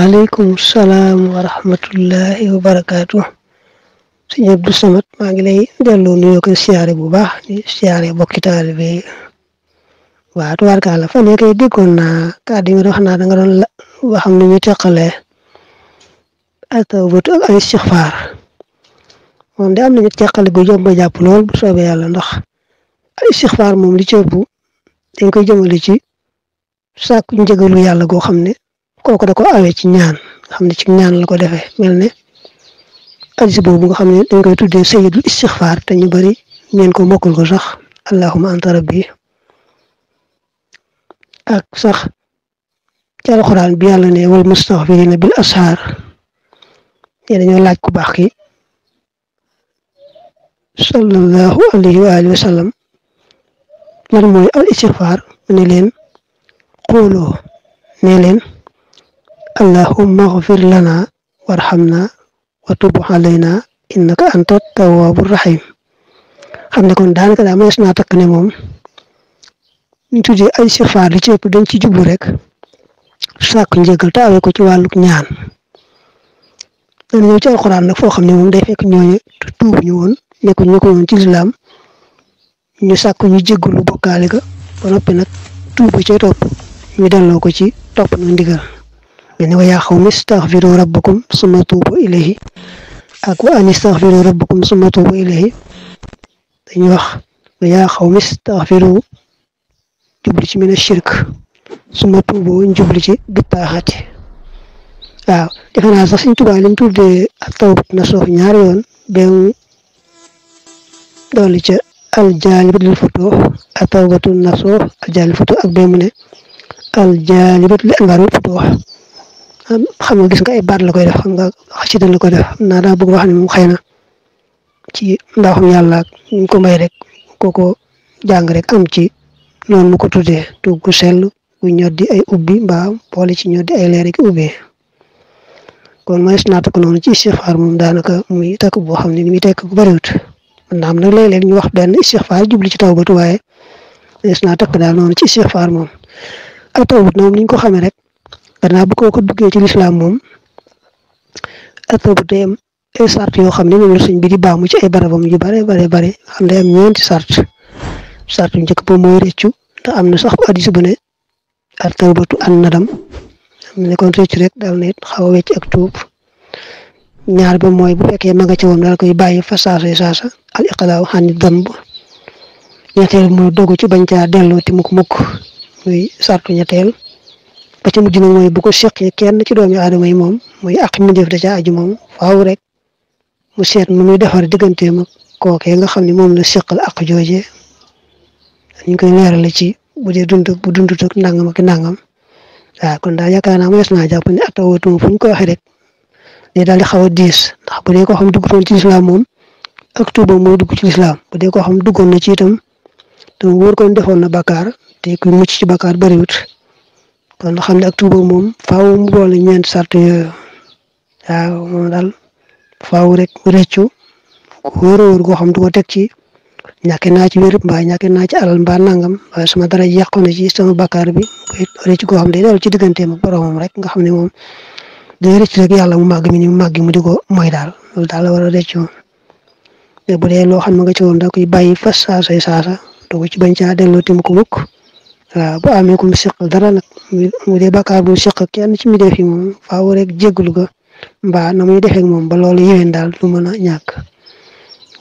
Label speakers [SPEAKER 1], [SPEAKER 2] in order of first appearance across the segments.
[SPEAKER 1] waaleykum salaam wa rahmatullahi wa barakaatu. sëñ Abdou Samad maa ngi lay delloo nuyoo ko siyaare bu baax di siyaare bokki taalibe bi waaw tubaarkàlla fan yii kay déggoon naa kàddu yi wax naa da nga doon la waxam ni ñu teqalee ak tawbatu ak teqale bu jomb jàpp lool bu soobee yàlla ndax ay istixfaar moom li ci koy jëmale ci sàkku njëgalu yàlla goo xam ne kooku da ko awee ci ñaan nga xam ne ci ñaan la ko defee mel ne addis boobu nga xam ne dañ koy tuddee sayyidul istixfaar te ñu bari ñeen ko mokkul ko sax allahuma anta rabbi ak sax ci alxuraan bi yàlla ne wal mustaxfirina bil ashaar ne dañoo laaj ku baax ki sallallahu alayhi wa alihi wa al istixfaar ne leen xooloo ne leen allahumma ighfir lana warhamna wa tub alayna innaka anta tawwabur rahim xam ne kon daanaka daa manees naa takk ne moom ñu tuddee ay sifaar li ci ëpp dañ ci jublu rek sàkk njëgal te awee ko ci wàlluk ñaan dana ñëw ci alxuraan nag foo xam ne moom day fekk ñooñu tuubu ñu woon nekku ñu ko woon ñu sàkk ñu jéggalu bokkaale ga ba noppi nag cee topp ñu delloo ko ci na ndigal من يعني وياخوم استغفروا ربكم ثم توبوا إليه أكو أن استغفروا ربكم ثم توبوا إليه دنيوخ وياخوم استغفروا جبلش من الشرك ثم توبوا جبلش بالطاعات أو آه، دفن هذا سنتو بعلم تود التوب نصوح نياريون بين دولجة الجالب للفتو التوبة النصوح الجالب الفتو أكبر منه الجالب للغروب فتوح xam nga gis nga ay baat la koy def xam nga xasida la koy def xam naa daa bëgg wax ne moom xay na ci mbaaxum yàlla ñu ko may rek kooko jàng rek am ci noonu mu ko tuddee tuggu sell gu ñoddi ay ubbi mbaa boole ci di ay leer ki ubbi kon mooy naata ko noonu ci istixfaar moom daanaka muy takk boo xam ne ni muy tekk bu bëriwut mën naa am nag léeg-léeg ñu wax benn istixfaar jubli ci tawbatu waaye mooy naata ko daal noonu ci istixfaar moom ak tawbat moom ni ñu ko gannaaw bu ko ko duggee ci lislaam moom ak bu day am sart yoo xam ne moom la sëñ bi di baamu ci ay barabam yu bare bare bare xam day am ñeenti sart sart yu njëkk ba mooy rëccu ndax am na sax bu addis bu ne ak tawbatu an nadam am na nekkoon rëccu rek daal na xaw a wecc ak tuub ñaar ba mooy bu fekkee ma nga ci woon daal koy bàyyi fa saasa saasa al iqlaaw xani damb ñetteel mooy dogu ci bañ caa delloo ti mukk mukk muy sartu ñetteel ba ci mujj nag mooy bu ko seqee kenn ci doomi aadama yi moom muy ak mi def da caa aju moom faaw rek mu seet mu muy defar digganteem ak kookee nga xam ne moom la seqal ak jooje ñu koy le ci bu dee dund bu dundut nangam ak nangam a kon daal yaakaar naa mooy naa jàpp ne atawatuma fu ñu ko waxee rek day daal di xaw a diis ndax bu dee koo xam duggutoon ci lislaam moom ak tuuba moo dugg ci lislaam bu dee koo xam duggoon na ci itam te wóor kon defoon na bakar te ku mucc ci bakkaar bariwut kon xamne ak tuba mom faaw mu bolé ñent sart ya waaw mom dal faaw rek reccu woro wër go xam du ko tek ci ñaké na ci wër ba ñaké na ci alal ba nangam way sama dara yaqku ci sama bakkar bi koy reccu go xam day dal ci digënté mu mom rek nga xamne mom day reccu rek yalla mu mag mi ni mag mu diko moy dal lol dal wara reccu bu dé lo xam nga ci won da koy bayyi fa sa sa sa do ko ci bañ ca delo tim ko mukk waaw bu amee ku mu seqal dara nag mu dee bàkkaar bu mu seq kenn ci mi def yi moom faaw rek jégalu ga mbaa na muy defee moom ba loolu yéwén daal du mën a ñàkk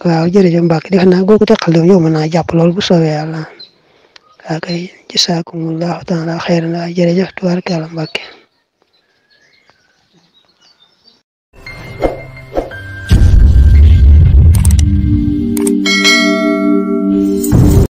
[SPEAKER 1] waaw jërëjëf Mbacke defe naa googu teqal yow yow mën naa jàpp loolu bu soobee yàlla waaw kay jisaakumullahu taala xeyran jërëjëf tubaarkalla Mbacke